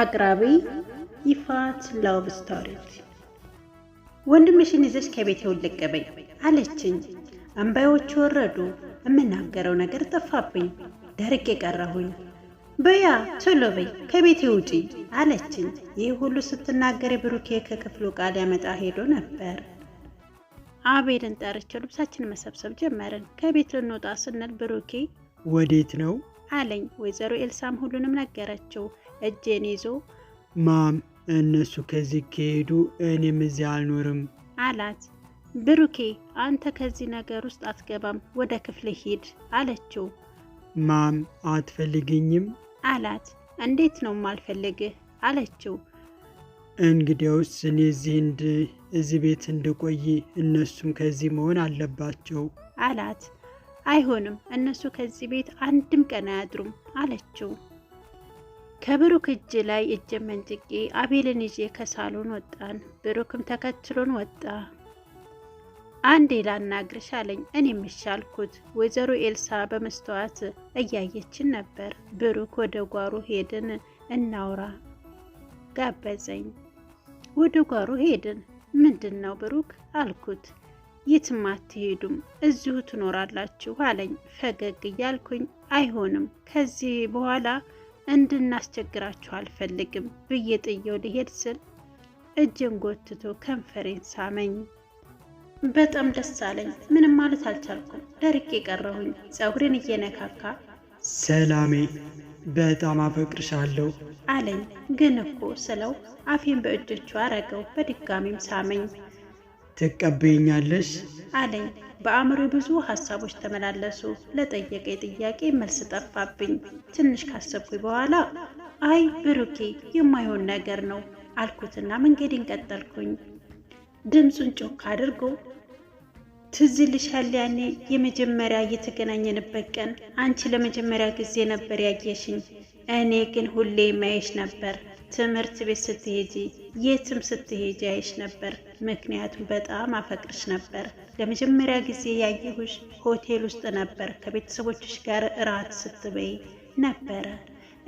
አቅራቢ ይፋት ላቭ ስቶሪስ። ወንድምሽን ይዘሽ ከቤት የውልቅ አለችኝ። እምባዮቹ ወረዱ። የምናገረው ነገር ጠፋብኝ። ደርቅ የቀረሁኝ። በያ ቶሎ በይ ከቤቴ ውጪ አለችኝ። ይህ ሁሉ ስትናገር ብሩኬ ከክፍሉ ቃል ያመጣ ሄዶ ነበር። አቤልን ጠርቸው ልብሳችንን መሰብሰብ ጀመርን። ከቤት ልንወጣ ስንል ብሩኬ ወዴት ነው አለኝ። ወይዘሮ ኤልሳም ሁሉንም ነገረችው። እጄን ይዞ ማም እነሱ ከዚህ ከሄዱ እኔም እዚህ አልኖርም አላት። ብሩኬ አንተ ከዚህ ነገር ውስጥ አትገባም፣ ወደ ክፍል ሂድ አለችው። ማም አትፈልግኝም አላት። እንዴት ነው ማልፈልግህ አለችው። እንግዲያውስ እኔ እዚህ ቤት እንድቆይ እነሱም ከዚህ መሆን አለባቸው አላት። አይሆንም፣ እነሱ ከዚህ ቤት አንድም ቀን አያድሩም አለችው። ከብሩክ እጅ ላይ እጅ መንጭቄ አቤልን ይዤ ከሳሎን ወጣን። ብሩክም ተከትሎን ወጣ። አንዴ ላናግርሽ አለኝ። እኔ እሺ አልኩት። ወይዘሮ ኤልሳ በመስተዋት እያየችን ነበር። ብሩክ ወደ ጓሮ ሄድን፣ እናውራ ጋበዘኝ። ወደ ጓሮ ሄድን። ምንድን ነው ብሩክ አልኩት። የትም አትሄዱም እዚሁ ትኖራላችሁ አለኝ ፈገግ እያልኩኝ። አይሆንም ከዚህ በኋላ እንድናስቸግራችሁ አልፈልግም ብዬ ጥየው ሊሄድ ስል እጅን ጎትቶ ከንፈሬን ሳመኝ። በጣም ደስ አለኝ። ምንም ማለት አልቻልኩም። ደርቄ ቀረሁኝ። ፀጉሬን እየነካካ ሰላሜ በጣም አፈቅርሻለሁ አለኝ። ግን እኮ ስለው አፌን በእጆቹ አረገው። በድጋሚም ሳመኝ። ትቀበይኛለሽ አለኝ። በአእምሮ ብዙ ሀሳቦች ተመላለሱ። ለጠየቀኝ ጥያቄ መልስ ጠፋብኝ። ትንሽ ካሰብኩኝ በኋላ አይ ብሩኬ የማይሆን ነገር ነው አልኩትና መንገዴን ቀጠልኩኝ። ድምፁን ጮክ አድርጎ ትዝ ይልሻል ያኔ የመጀመሪያ እየተገናኘንበት ቀን አንቺ ለመጀመሪያ ጊዜ ነበር ያየሽኝ፣ እኔ ግን ሁሌ ማየሽ ነበር ትምህርት ቤት ስትሄጂ የትም ስትሄጂ አይሽ ነበር። ምክንያቱም በጣም አፈቅርሽ ነበር። ለመጀመሪያ ጊዜ ያየሁሽ ሆቴል ውስጥ ነበር። ከቤተሰቦችሽ ጋር እራት ስትበይ ነበረ።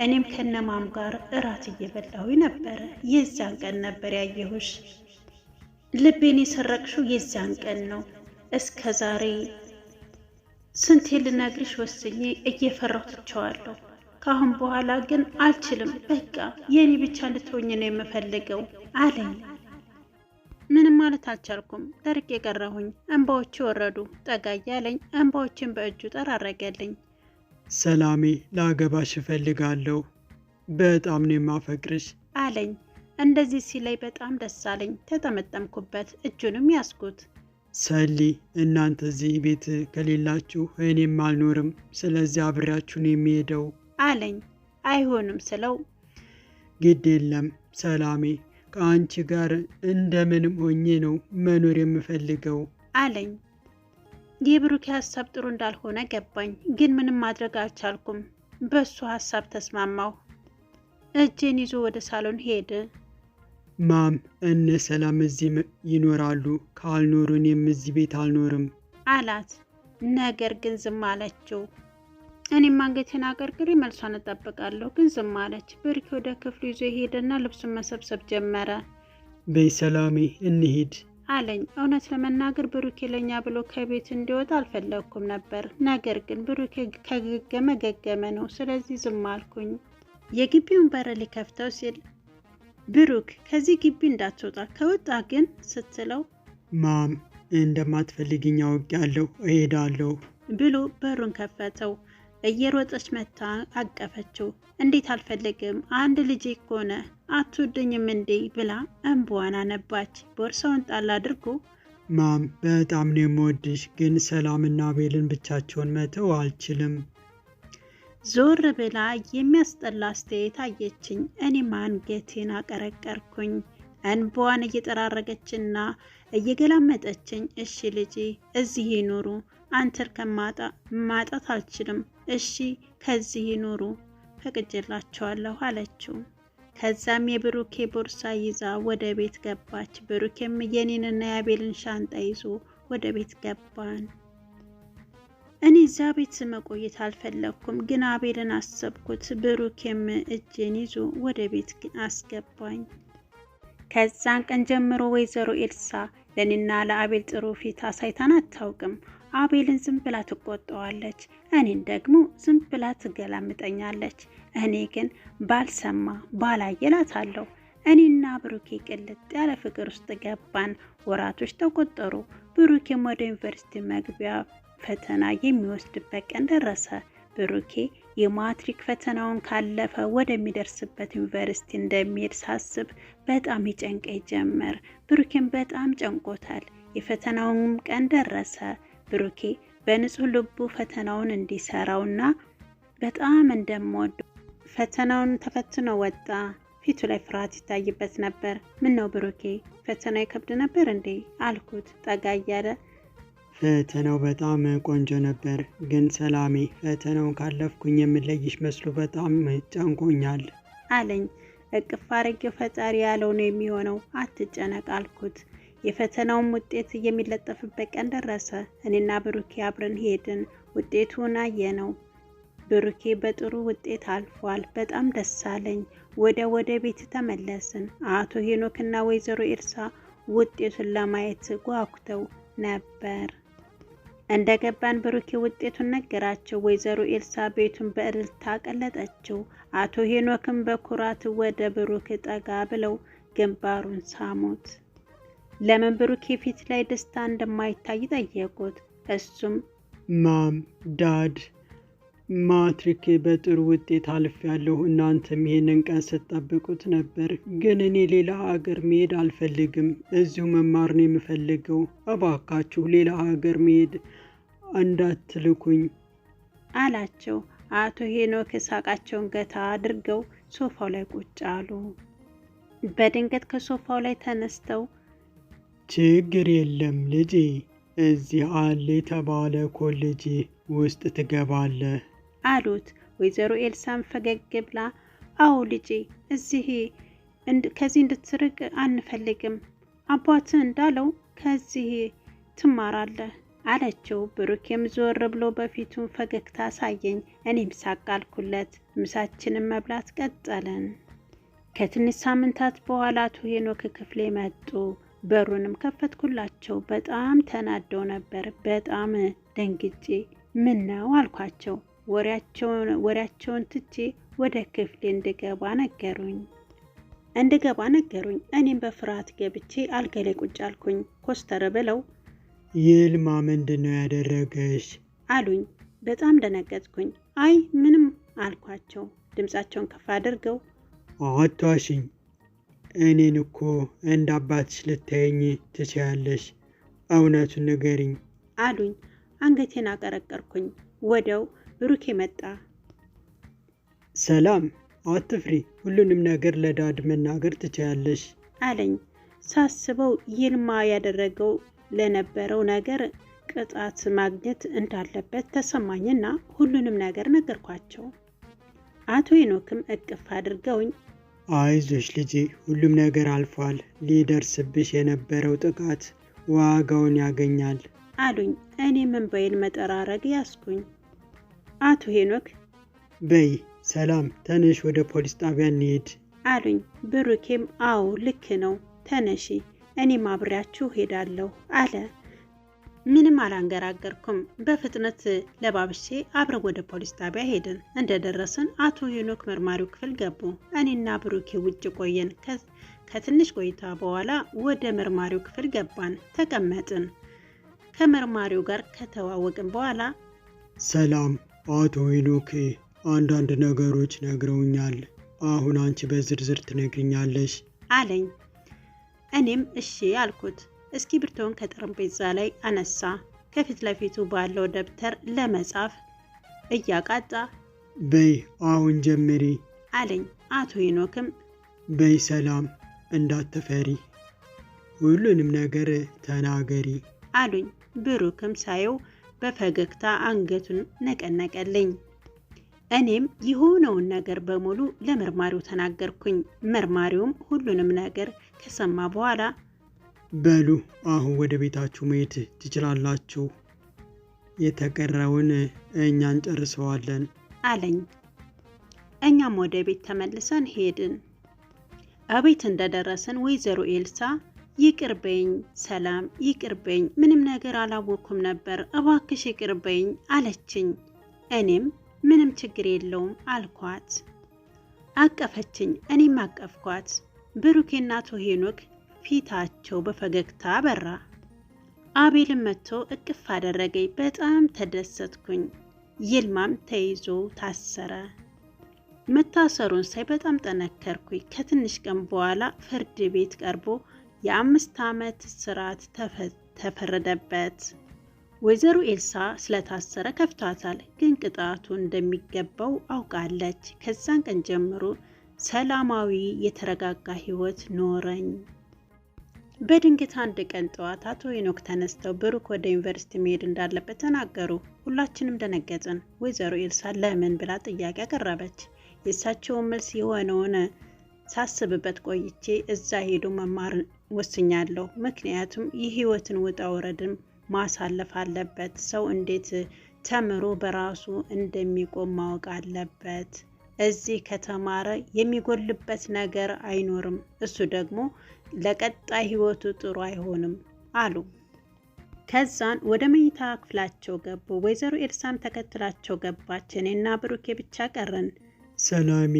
እኔም ከነማም ጋር እራት እየበላሁ ነበረ። የዛን ቀን ነበር ያየሁሽ። ልቤን የሰረቅሽው የዛን ቀን ነው። እስከ ዛሬ ስንቴ ልነግርሽ ወስኜ እየፈራሁ ትቸዋለሁ። ካሁን በኋላ ግን አልችልም፣ በቃ የኔ ብቻ እንድትሆኝ ነው የምፈልገው አለኝ። ምንም ማለት አልቻልኩም፣ ደርቅ የቀረሁኝ። እንባዎቹ ወረዱ። ጠጋ እያለኝ እንባዎችን በእጁ ጠራረገልኝ። ሰላሜ፣ ላገባሽ እፈልጋለሁ፣ በጣም ነው የማፈቅርሽ አለኝ። እንደዚህ ሲለኝ በጣም ደስ አለኝ። ተጠመጠምኩበት፣ እጁንም ያስኩት። ሰሊ፣ እናንተ እዚህ ቤት ከሌላችሁ እኔም አልኖርም፣ ስለዚህ አብሬያችሁን የሚሄደው አለኝ። አይሆንም ስለው ግድ የለም ሰላሜ፣ ከአንቺ ጋር እንደምንም ሆኜ ነው መኖር የምፈልገው አለኝ። የብሩኬ ሀሳብ ጥሩ እንዳልሆነ ገባኝ፣ ግን ምንም ማድረግ አልቻልኩም። በሱ ሀሳብ ተስማማሁ። እጄን ይዞ ወደ ሳሎን ሄደ። ማም እነ ሰላም እዚህ ይኖራሉ፣ ካልኖሩ እኔም እዚህ ቤት አልኖርም አላት። ነገር ግን ዝም አለችው። እኔም አንገቴን አቀርቅሬ መልሷን እጠብቃለሁ፣ ግን ዝም አለች። ብርኬ ወደ ክፍሉ ይዞ ሄደና ልብሱን መሰብሰብ ጀመረ። በይ ሰላሜ እንሂድ አለኝ። እውነት ለመናገር ብሩኬ ለኛ ብሎ ከቤት እንዲወጣ አልፈለግኩም ነበር። ነገር ግን ብሩኬ ከገገመ ገገመ ነው። ስለዚህ ዝም አልኩኝ። የግቢውን በር ሊከፍተው ሲል ብሩክ ከዚህ ግቢ እንዳትወጣ ከወጣ ግን ስትለው ማም እንደማትፈልግኝ አውቄያለሁ፣ እሄዳለሁ ብሎ በሩን ከፈተው። እየሮጠች መታ አቀፈችው። እንዴት አልፈለግም አንድ ልጅ ከሆነ አትወደኝም እንዴ ብላ እንባዋን አነባች። ቦርሳውን ጣል አድርጎ ማም በጣም ነው የምወድሽ፣ ግን ሰላምና ቤልን ብቻቸውን መተው አልችልም። ዞር ብላ የሚያስጠላ አስተያየት አየችኝ። እኔም አንገቴን አቀረቀርኩኝ። እንባዋን እየጠራረገችና እየገላመጠችኝ እሺ ልጄ እዚህ ይኑሩ አንተን ከማጣት አልችልም እሺ ከዚህ ይኑሩ ፈቅጄላቸዋለሁ አለችው። ከዛም የብሩኬ ቦርሳ ይዛ ወደ ቤት ገባች። ብሩኬም የኔንና የአቤልን ሻንጣ ይዞ ወደ ቤት ገባን። እኔ እዛ ቤት መቆየት አልፈለግኩም፣ ግን አቤልን አሰብኩት። ብሩኬም እጄን ይዞ ወደ ቤት አስገባኝ። ከዛን ቀን ጀምሮ ወይዘሮ ኤልሳ ለእኔና ለአቤል ጥሩ ፊት አሳይታን አታውቅም። አቤልን ዝም ብላ ትቆጣዋለች፣ እኔን ደግሞ ዝም ብላ ትገላምጠኛለች። እኔ ግን ባልሰማ ባላየ እላታለሁ። እኔና ብሩኬ ቅልጥ ያለ ፍቅር ውስጥ ገባን። ወራቶች ተቆጠሩ። ብሩኬም ወደ ዩኒቨርሲቲ መግቢያ ፈተና የሚወስድበት ቀን ደረሰ። ብሩኬ የማትሪክ ፈተናውን ካለፈ ወደሚደርስበት ዩኒቨርሲቲ እንደሚሄድ ሳስብ በጣም ይጨንቀኝ ጀመር። ብሩኬም በጣም ጨንቆታል። የፈተናውም ቀን ደረሰ። ብሩኬ በንጹህ ልቡ ፈተናውን እንዲሰራውና በጣም እንደምወደው ፈተናውን ተፈትኖ ወጣ። ፊቱ ላይ ፍርሃት ይታይበት ነበር። ምን ነው ብሩኬ ፈተና ይከብድ ነበር እንዴ አልኩት ጠጋ እያለ። ፈተናው በጣም ቆንጆ ነበር፣ ግን ሰላሜ ፈተናውን ካለፍኩኝ የምለይሽ መስሎ በጣም ጨንቆኛል አለኝ። እቅፍ አድርጌው ፈጣሪ ያለው ነው የሚሆነው፣ አትጨነቅ አልኩት። የፈተናውም ውጤት የሚለጠፍበት ቀን ደረሰ። እኔና ብሩኬ አብረን ሄድን። ውጤቱን አየ ነው። ብሩኬ በጥሩ ውጤት አልፏል። በጣም ደስ አለኝ። ወደ ወደ ቤት ተመለስን። አቶ ሄኖክ እና ወይዘሮ ኤርሳ ውጤቱን ለማየት ጓጉተው ነበር። እንደ ገባን ብሩኬ ውጤቱን ነገራቸው። ወይዘሮ ኤልሳ ቤቱን በእልልታ ቀለጠችው። አቶ ሄኖክም በኩራት ወደ ብሩክ ጠጋ ብለው ግንባሩን ሳሙት። ለምን ብሩኬ ፊት ላይ ደስታ እንደማይታይ ጠየቁት። እሱም ማም ዳድ ማትሪክ በጥሩ ውጤት አልፌያለሁ። እናንተም ይሄንን ቀን ስትጠብቁት ነበር፣ ግን እኔ ሌላ ሀገር መሄድ አልፈልግም። እዚሁ መማር ነው የምፈልገው። እባካችሁ ሌላ ሀገር መሄድ እንዳትልኩኝ አላቸው። አቶ ሄኖክ ሳቃቸውን ገታ አድርገው ሶፋው ላይ ቁጭ አሉ። በድንገት ከሶፋው ላይ ተነስተው ችግር የለም ልጄ፣ እዚህ አለ የተባለ ኮሌጅ ውስጥ ትገባለህ አሉት። ወይዘሮ ኤልሳም ፈገግ ብላ አዎ ልጄ፣ እዚህ ከዚህ እንድትርቅ አንፈልግም። አባት እንዳለው ከዚህ ትማራለህ አለችው። ብሩኬም ዞር ብሎ በፊቱ ፈገግታ አሳየኝ። እኔም ሳቃልኩለት ምሳችንን መብላት ቀጠለን። ከትንሽ ሳምንታት በኋላ አቶ ሄኖክ ክፍሌ መጡ። በሩንም ከፈትኩላቸው። በጣም ተናደው ነበር። በጣም ደንግጬ ምን ነው አልኳቸው። ወሬያቸውን ትቼ ወደ ክፍሌ እንድገባ ነገሩኝ እንድገባ ነገሩኝ። እኔም በፍርሃት ገብቼ አልገሌ ቁጭ አልኩኝ። ኮስተር ብለው ይልማ ምንድን ነው ያደረገሽ አሉኝ። በጣም ደነገጥኩኝ። አይ ምንም አልኳቸው። ድምፃቸውን ከፍ አድርገው አታሽኝ እኔን እኮ እንደ አባትሽ ልታየኝ ትችያለሽ፣ እውነቱን ንገሪኝ አሉኝ። አንገቴን አቀረቀርኩኝ። ወደው ብሩኬ መጣ። ሰላም፣ አትፍሪ፣ ሁሉንም ነገር ለዳድ መናገር ትችያለሽ አለኝ። ሳስበው ይልማ ያደረገው ለነበረው ነገር ቅጣት ማግኘት እንዳለበት ተሰማኝና ሁሉንም ነገር ነገርኳቸው። አቶ ሄኖክም እቅፍ አድርገውኝ አይዞሽ ልጄ ሁሉም ነገር አልፏል። ሊደርስብሽ የነበረው ጥቃት ዋጋውን ያገኛል አሉኝ። እኔም እንባዬን መጠራረግ ያስኩኝ። አቶ ሄኖክ በይ ሰላም ተነሽ፣ ወደ ፖሊስ ጣቢያ እንሄድ አሉኝ። ብሩኬም አዎ ልክ ነው ተነሺ፣ እኔም አብሬያችሁ ሄዳለሁ አለ። ምንም አላንገራገርኩም። በፍጥነት ለባብሼ አብረን ወደ ፖሊስ ጣቢያ ሄድን። እንደደረስን አቶ ሄኖክ መርማሪው ክፍል ገቡ። እኔና ብሩኬ ውጭ ቆየን። ከትንሽ ቆይታ በኋላ ወደ መርማሪው ክፍል ገባን፣ ተቀመጥን። ከመርማሪው ጋር ከተዋወቅን በኋላ ሰላም፣ አቶ ሄኖክ አንዳንድ ነገሮች ነግረውኛል። አሁን አንቺ በዝርዝር ትነግርኛለሽ አለኝ። እኔም እሺ አልኩት። እስክሪብቶውን ከጠረጴዛ ላይ አነሳ። ከፊት ለፊቱ ባለው ደብተር ለመጻፍ እያቃጣ በይ አሁን ጀምሪ አለኝ። አቶ ሄኖክም በይ ሰላም፣ እንዳትፈሪ ሁሉንም ነገር ተናገሪ አሉኝ። ብሩክም ሳየው በፈገግታ አንገቱን ነቀነቀልኝ። እኔም የሆነውን ነገር በሙሉ ለመርማሪው ተናገርኩኝ። መርማሪውም ሁሉንም ነገር ከሰማ በኋላ በሉ አሁን ወደ ቤታችሁ መሄድ ትችላላችሁ። የተቀረውን እኛ እንጨርሰዋለን አለኝ። እኛም ወደ ቤት ተመልሰን ሄድን። አቤት እንደደረስን ወይዘሮ ኤልሳ ይቅርበኝ ሰላም፣ ይቅርበኝ ምንም ነገር አላወኩም ነበር፣ እባክሽ ይቅርበኝ አለችኝ። እኔም ምንም ችግር የለውም አልኳት። አቀፈችኝ፣ እኔም አቀፍኳት። ብሩኬና አቶ ሄኖክ ፊታቸው በፈገግታ አበራ። አቤልም መጥቶ እቅፍ አደረገኝ። በጣም ተደሰትኩኝ። ይልማም ተይዞ ታሰረ። መታሰሩን ሳይ በጣም ጠነከርኩኝ። ከትንሽ ቀን በኋላ ፍርድ ቤት ቀርቦ የአምስት ዓመት እስራት ተፈረደበት። ወይዘሮ ኤልሳ ስለታሰረ ከፍቷታል፣ ግን ቅጣቱ እንደሚገባው አውቃለች። ከዛን ቀን ጀምሮ ሰላማዊ የተረጋጋ ሕይወት ኖረኝ። በድንገት አንድ ቀን ጠዋት አቶ ሄኖክ ተነስተው ብሩክ ወደ ዩኒቨርሲቲ መሄድ እንዳለበት ተናገሩ። ሁላችንም ደነገጥን። ወይዘሮ ኤልሳ ለምን ብላ ጥያቄ አቀረበች። የእሳቸውን መልስ የሆነውን ሳስብበት ቆይቼ እዛ ሄዶ መማር ወስኛለሁ። ምክንያቱም የህይወትን ውጣ ውረድም ማሳለፍ አለበት። ሰው እንዴት ተምሮ በራሱ እንደሚቆም ማወቅ አለበት። እዚህ ከተማረ የሚጎልበት ነገር አይኖርም። እሱ ደግሞ ለቀጣይ ህይወቱ ጥሩ አይሆንም አሉ። ከዛን ወደ መኝታ ክፍላቸው ገቡ። ወይዘሮ ኤልሳም ተከትላቸው ገባች። እኔና ብሩኬ ብቻ ቀረን። ሰላሚ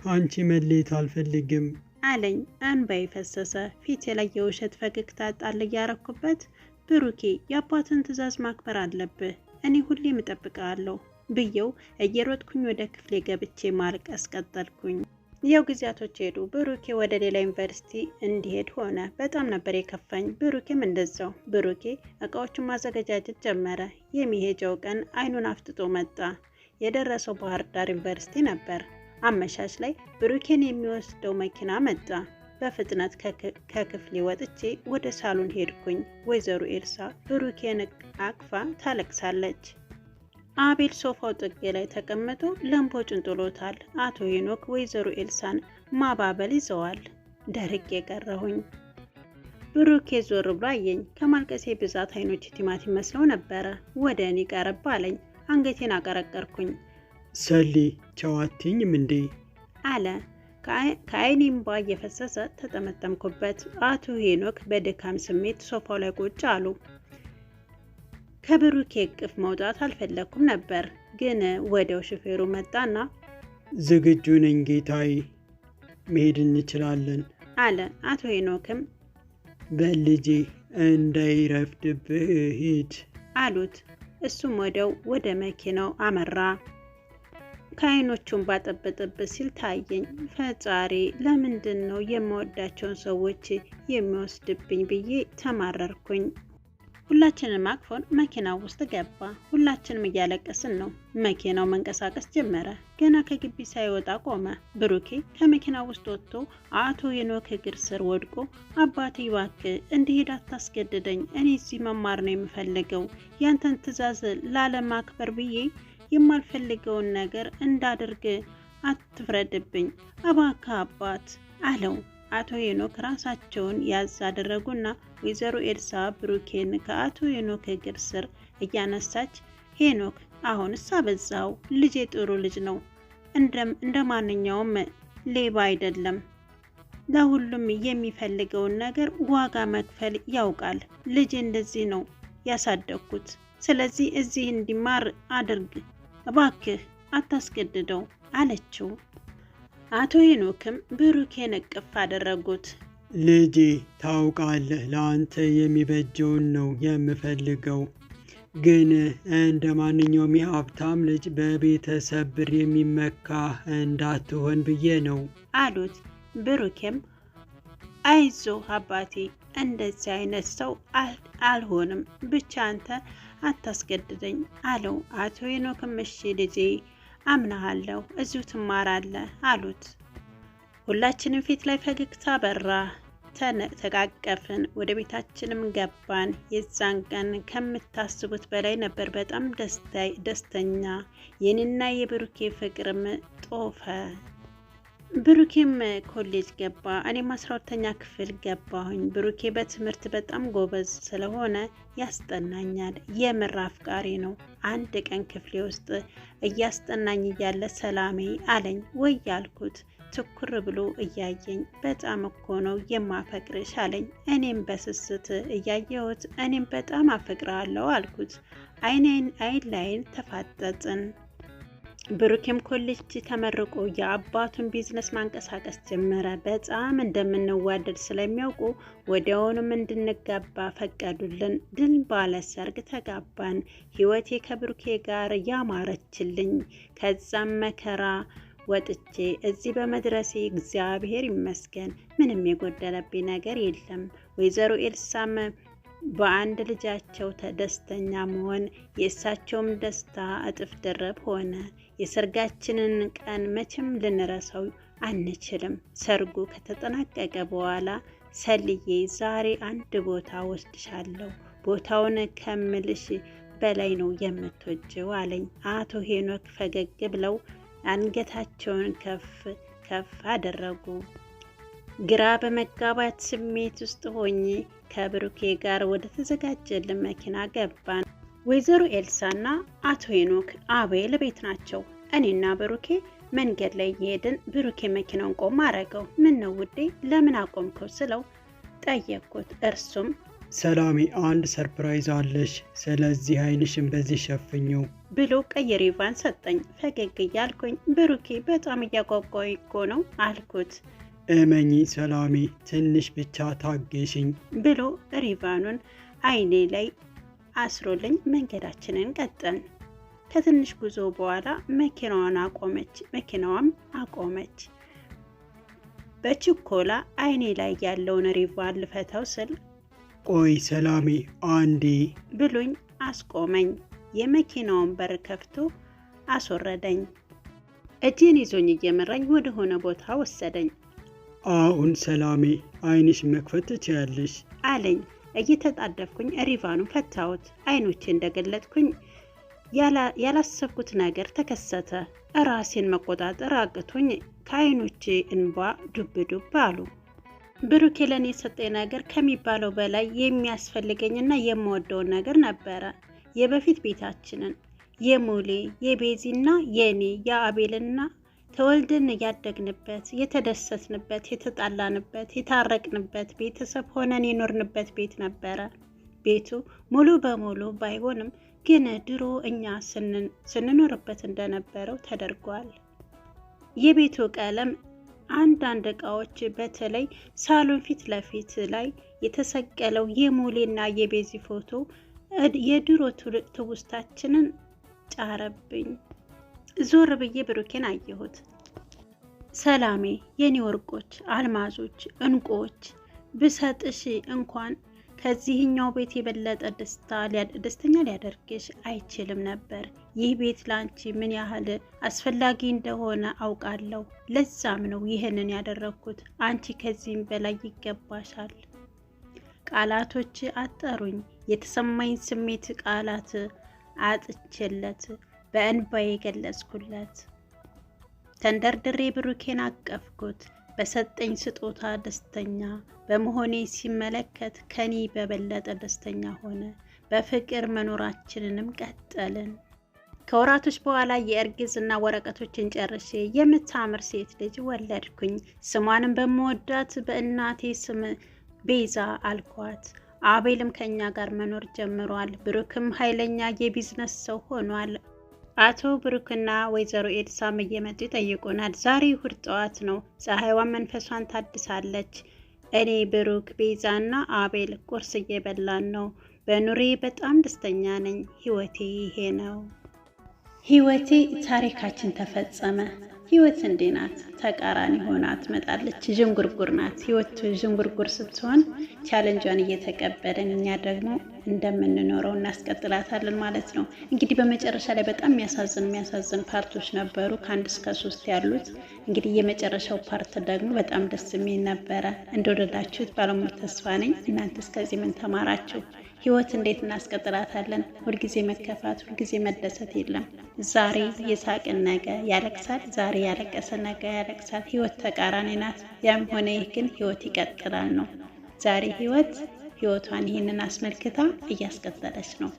ከአንቺ መለየት አልፈልግም አለኝ። እንባ የፈሰሰ ፊቴ ላይ የውሸት ፈገግታ ጣል እያረኩበት፣ ብሩኬ የአባትን ትዕዛዝ ማክበር አለብህ፣ እኔ ሁሌም እጠብቀዋለሁ ብየው እየሮጥኩኝ ወደ ክፍሌ ገብቼ ማልቀስ ቀጠልኩኝ። ያው ጊዜያቶች ሄዱ። ብሩኬ ወደ ሌላ ዩኒቨርሲቲ እንዲሄድ ሆነ። በጣም ነበር የከፋኝ። ብሩኬም እንደዛው። ብሩኬ እቃዎቹን ማዘገጃጀት ጀመረ። የሚሄጀው ቀን አይኑን አፍጥጦ መጣ። የደረሰው ባህር ዳር ዩኒቨርሲቲ ነበር። አመሻሽ ላይ ብሩኬን የሚወስደው መኪና መጣ። በፍጥነት ከክፍል ወጥቼ ወደ ሳሎን ሄድኩኝ። ወይዘሮ ኤልሳ ብሩኬን አቅፋ ታለቅሳለች። አቤል ሶፋው ጥጌ ላይ ተቀምጦ ለምቦጩን ጥሎታል። አቶ ሄኖክ ወይዘሮ ኤልሳን ማባበል ይዘዋል። ደርቄ የቀረሁኝ። ብሩኬ ዞር ብሎ አየኝ። ከማልቀሴ ብዛት አይኖች ቲማቲም መስለው ነበረ። ወደ እኔ ቀረብ አለኝ። አንገቴን አቀረቀርኩኝ። ሰሊ ቸዋቴኝም እንዴ አለ። ከአይኔ እምባ እየፈሰሰ ተጠመጠምኩበት። አቶ ሄኖክ በድካም ስሜት ሶፋው ላይ ቁጭ አሉ። ከብሩኬ እቅፍ መውጣት አልፈለግኩም ነበር፣ ግን ወዲያው ሹፌሩ መጣና ዝግጁ ነኝ ጌታዬ፣ መሄድ እንችላለን አለ። አቶ ሄኖክም በልጄ እንዳይረፍድብህ ሂድ አሉት። እሱም ወዲያው ወደ መኪናው አመራ። ከአይኖቹን ባጠበጠበት ሲል ታየኝ። ፈጣሪ ለምንድን ነው የምወዳቸውን ሰዎች የሚወስድብኝ ብዬ ተማረርኩኝ። ሁላችንም አቅፎን መኪናው ውስጥ ገባ። ሁላችንም እያለቀስን ነው። መኪናው መንቀሳቀስ ጀመረ። ገና ከግቢ ሳይወጣ ቆመ። ብሩኬ ከመኪናው ውስጥ ወጥቶ አቶ የኖክ እግር ስር ወድቆ አባቴ ይባክ እንዲሄድ አታስገድደኝ፣ እኔ እዚህ መማር ነው የምፈልገው። ያንተን ትዕዛዝ ላለማክበር ብዬ የማልፈልገውን ነገር እንዳደርግ አትፍረድብኝ፣ እባክህ አባት አለው። አቶ ሄኖክ ራሳቸውን ያዝ አደረጉና ወይዘሮ ኤልሳ ብሩኬን ከአቶ ሄኖክ እግር ስር እያነሳች ሄኖክ አሁንስ አበዛው፣ ልጄ ጥሩ ልጅ ነው፣ እንደ ማንኛውም ሌባ አይደለም። ለሁሉም የሚፈልገውን ነገር ዋጋ መክፈል ያውቃል። ልጅ እንደዚህ ነው ያሳደግኩት። ስለዚህ እዚህ እንዲማር አድርግ እባክህ፣ አታስገድደው አለችው። አቶ ሄኖክም ብሩኬን እቅፍ አደረጉት። ልጄ ታውቃለህ፣ ለአንተ የሚበጀውን ነው የምፈልገው። ግን እንደ ማንኛውም የሀብታም ልጅ በቤተሰብ ብር የሚመካ እንዳትሆን ብዬ ነው አሉት። ብሩኬም አይዞ አባቴ፣ እንደዚህ አይነት ሰው አልሆንም፣ ብቻ አንተ አታስገድደኝ አለው። አቶ ሄኖክም እሺ ልጄ አምናሃለሁ፣ እዚሁ ትማራለህ አሉት። ሁላችንም ፊት ላይ ፈገግታ በራ። ተቃቀፍን፣ ወደ ቤታችንም ገባን። የዛን ቀን ከምታስቡት በላይ ነበር። በጣም ደስተኛ የኔና የብሩኬ ፍቅርም ጦፈ። ብሩኬም ኮሌጅ ገባ፣ እኔም አስራ ሁለተኛ ክፍል ገባሁኝ። ብሩኬ በትምህርት በጣም ጎበዝ ስለሆነ ያስጠናኛል። የምር አፍቃሪ ነው። አንድ ቀን ክፍሌ ውስጥ እያስጠናኝ እያለ ሰላሜ አለኝ ወይ ያልኩት ትኩር ብሎ እያየኝ በጣም እኮ ነው የማፈቅርሽ አለኝ። እኔም በስስት እያየሁት እኔም በጣም አፈቅራለሁ አልኩት። አይኔን አይን ላይን ተፋጠጥን። ብሩኬም ኮሌጅ ተመርቆ የአባቱን ቢዝነስ ማንቀሳቀስ ጀመረ። በጣም እንደምንዋደድ ስለሚያውቁ ወዲያውኑም እንድንጋባ ፈቀዱልን። ድል ባለ ሰርግ ተጋባን። ህይወቴ ከብሩኬ ጋር ያማረችልኝ። ከዛም መከራ ወጥቼ እዚህ በመድረሴ እግዚአብሔር ይመስገን። ምንም የጎደለብኝ ነገር የለም። ወይዘሮ ኤልሳም በአንድ ልጃቸው ደስተኛ መሆን የእሳቸውም ደስታ እጥፍ ድርብ ሆነ። የሰርጋችንን ቀን መቼም ልንረሳው አንችልም። ሰርጉ ከተጠናቀቀ በኋላ ሰልዬ ዛሬ አንድ ቦታ ወስድሻለሁ፣ ቦታውን ከምልሽ በላይ ነው የምትወጂው አለኝ። አቶ ሄኖክ ፈገግ ብለው አንገታቸውን ከፍ ከፍ አደረጉ። ግራ በመጋባት ስሜት ውስጥ ሆኜ ከብሩኬ ጋር ወደ ተዘጋጀልን መኪና ገባን። ወይዘሮ ኤልሳና አቶ ሄኖክ አቤል ቤት ናቸው። እኔና ብሩኬ መንገድ ላይ እየሄድን ብሩኬ መኪናውን ቆም አረገው። ምን ነው ውዴ ለምን አቆምከው ስለው ጠየቅኩት። እርሱም ሰላሜ አንድ ሰርፕራይዝ አለሽ፣ ስለዚህ አይንሽን በዚህ ሸፍኘው ብሎ ቀይ ሪቫን ሰጠኝ። ፈገግ እያልኩኝ ብሩኬ በጣም እያጓጓ እኮ ነው አልኩት። እመኚ ሰላሜ፣ ትንሽ ብቻ ታገሽኝ ብሎ ሪቫኑን አይኔ ላይ አስሮልኝ መንገዳችንን ቀጠን። ከትንሽ ጉዞ በኋላ መኪናዋን አቆመች፣ መኪናዋም አቆመች። በችኮላ አይኔ ላይ ያለውን ሪቫን ልፈተው ስል ቆይ ሰላሜ አንዴ ብሎኝ አስቆመኝ። የመኪናውን በር ከፍቶ አስወረደኝ። እጄን ይዞኝ እየመራኝ ወደሆነ ቦታ ወሰደኝ። አሁን ሰላሜ አይንሽ መክፈት ትችያለሽ አለኝ። እየተጣደፍኩኝ ሪቫኑን ፈታሁት። አይኖቼ እንደገለጥኩኝ ያላሰብኩት ነገር ተከሰተ። ራሴን መቆጣጠር አቅቶኝ ከአይኖቼ እንባ ዱብ ዱብ አሉ። ብሩኬ ለእኔ የሰጠኝ ነገር ከሚባለው በላይ የሚያስፈልገኝና የምወደውን ነገር ነበረ። የበፊት ቤታችንን የሙሌ የቤዚና የኔ የአቤልና ተወልደን ያደግንበት የተደሰትንበት የተጣላንበት የታረቅንበት ቤተሰብ ሆነን የኖርንበት ቤት ነበረ። ቤቱ ሙሉ በሙሉ ባይሆንም ግን ድሮ እኛ ስንኖርበት እንደነበረው ተደርጓል። የቤቱ ቀለም አንዳንድ እቃዎች በተለይ ሳሎን ፊት ለፊት ላይ የተሰቀለው የሙሌና የቤዚ ፎቶ የድሮ ትውስታችንን ጫረብኝ። ዞር ብዬ ብሩኬን አየሁት። ሰላሜ፣ የኔ ወርቆች፣ አልማዞች፣ እንቁዎች ብሰጥሽ እንኳን ከዚህኛው ቤት የበለጠ ደስታ ደስተኛ ሊያደርግሽ አይችልም ነበር። ይህ ቤት ላንቺ ምን ያህል አስፈላጊ እንደሆነ አውቃለሁ። ለዛም ነው ይህንን ያደረግኩት። አንቺ ከዚህም በላይ ይገባሻል። ቃላቶች አጠሩኝ። የተሰማኝ ስሜት ቃላት አጥቼለት በእንባዬ የገለጽኩለት ተንደርድሬ ብሩኬን አቀፍኩት። በሰጠኝ ስጦታ ደስተኛ በመሆኔ ሲመለከት ከኔ በበለጠ ደስተኛ ሆነ። በፍቅር መኖራችንንም ቀጠልን። ከወራቶች በኋላ የእርግዝና ወረቀቶችን ጨርሼ የምታምር ሴት ልጅ ወለድኩኝ። ስሟንም በመወዳት በእናቴ ስም ቤዛ አልኳት። አቤልም ከኛ ጋር መኖር ጀምሯል። ብሩክም ኃይለኛ የቢዝነስ ሰው ሆኗል። አቶ ብሩክና ወይዘሮ ኤድሳም እየመጡ ይጠይቁናል። ዛሬ እሑድ ጠዋት ነው። ፀሐይዋን መንፈሷን ታድሳለች። እኔ ብሩክ፣ ቤዛና አቤል ቁርስ እየበላን ነው። በኑሬ በጣም ደስተኛ ነኝ። ህይወቴ ይሄ ነው። ህይወቴ ታሪካችን ተፈጸመ። ህይወት እንዴ ናት? ተቃራኒ ሆና ትመጣለች። ዥንጉርጉር ናት። ህይወት ዥንጉርጉር ስትሆን ቻለንጇን እየተቀበለን እኛ ደግሞ እንደምንኖረው እናስቀጥላታለን ማለት ነው። እንግዲህ በመጨረሻ ላይ በጣም የሚያሳዝን የሚያሳዝን ፓርቶች ነበሩ ከአንድ እስከ ሶስት ያሉት። እንግዲህ የመጨረሻው ፓርት ደግሞ በጣም ደስ የሚል ነበረ። እንደወደዳችሁት ባለሙሉ ተስፋ ነኝ። እናንተ እስከዚህ ምን ተማራችሁ? ህይወት እንዴት እናስቀጥላታለን? ሁልጊዜ መከፋት፣ ሁልጊዜ መደሰት የለም። ዛሬ የሳቅን ነገ ያለቅሳል። ዛሬ ያለቀሰ ነገ ያለቅሳል። ህይወት ተቃራኒ ናት። ያም ሆነ ይህ ግን ህይወት ይቀጥላል ነው ዛሬ ህይወት ህይወቷን ይህንን አስመልክታ እያስቀጠለች ነው።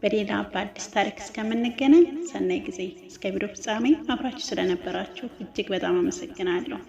በሌላ በአዲስ ታሪክ እስከምንገናኝ ሰናይ ጊዜ። እስከ ቪዲዮ ፍጻሜ አብራችሁ ስለነበራችሁ እጅግ በጣም አመሰግናለሁ።